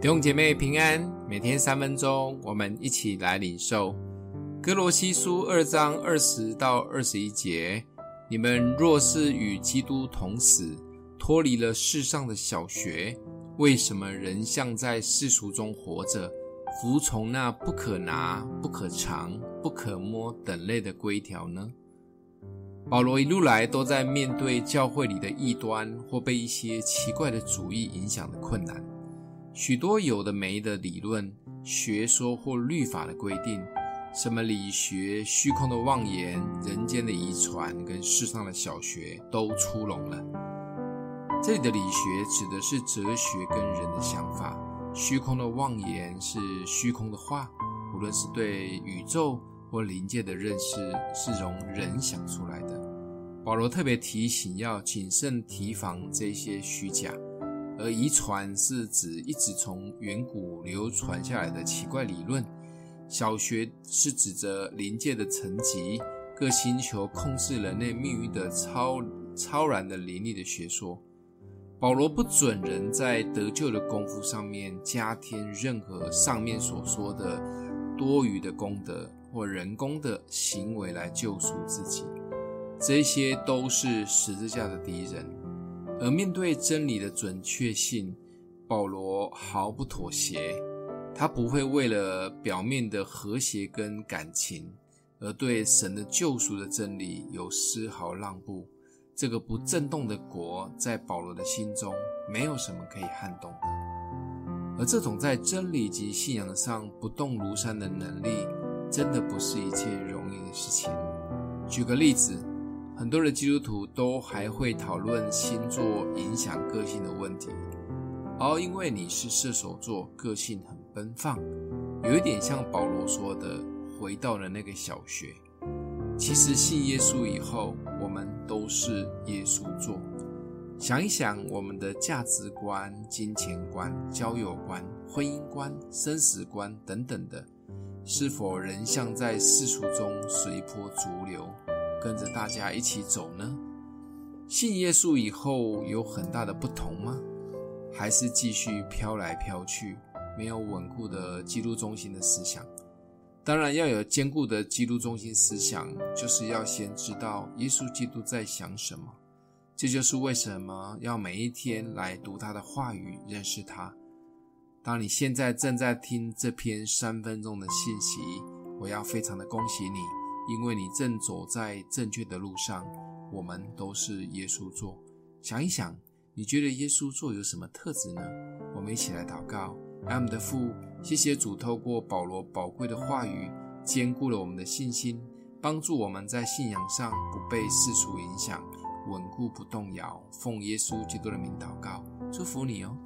弟兄姐妹平安，每天三分鐘，我們一起來領受哥羅西書二章二十到二十一節：你們若是與基督同死，脫離了世上的小學，為什麼仍像在世俗中活着，服從那不可拿、不可嘗、不可摸等類的規條呢？保羅一路來都在面對教會裡的異端，或被一些奇怪的主義影響的困難。許多有的沒的理論、學說或律法的規定，什麼理學、虛空的妄言、人間的遺傳跟世上的小學，都出籠了。這裡的理學指的是哲學跟人的想法，虛空的妄言是虛空的話，無論是對宇宙或靈界的認識，是從人想出來的。保羅特別提醒，要謹慎提防這些虛假。而遺傳是指一直從遠古流傳下來的奇怪理論；小學是指着靈界的層級、各星球控制人類命運的超超然的靈力的學說。保羅不准人在得救的功夫上面加添任何上面所說的多餘的功德或人工的行為來救贖自己，這些都是十字架的敵人。而面對真理的準確性，保羅毫不妥協。他不會為了表面的和諧跟感情，而對神的救贖的真理有絲毫讓步。這個不震動的國，在保羅的心中沒有什麼可以撼動的。而這種在真理及信仰上不動如山的能力，真的不是一件容易的事情。舉個例子。很多的基督徒都還會討論星座影響個性的問題，而、哦、因為你是射手座，個性很奔放，有一點像保羅說的，回到了那個小學。其實信耶穌以後，我們都是耶穌座。想一想，我們的價值觀、金錢觀、交友觀、婚姻觀、生死觀等等的，是否仍像在世俗中隨波逐流？跟着大家一起走呢？信耶穌以後有很大的不同嗎？還是繼續飄來飄去，沒有穩固的基督中心的思想？當然要有堅固的基督中心思想，就是要先知道耶穌基督在想什麼。這就是為什麼要每一天來讀他的話語，認識他。當你現在正在聽這篇三分鐘的信息，我要非常的恭喜你。因為你正走在正確的路上，我們都是耶穌座。想一想，你覺得耶穌座有什麼特質呢？我們一起來禱告。愛我們的父，謝謝主，透過保羅寶貴的話語，堅固了我們的信心，幫助我們在信仰上不被世俗影響，穩固不動搖。奉耶穌基督的名禱告，祝福你哦。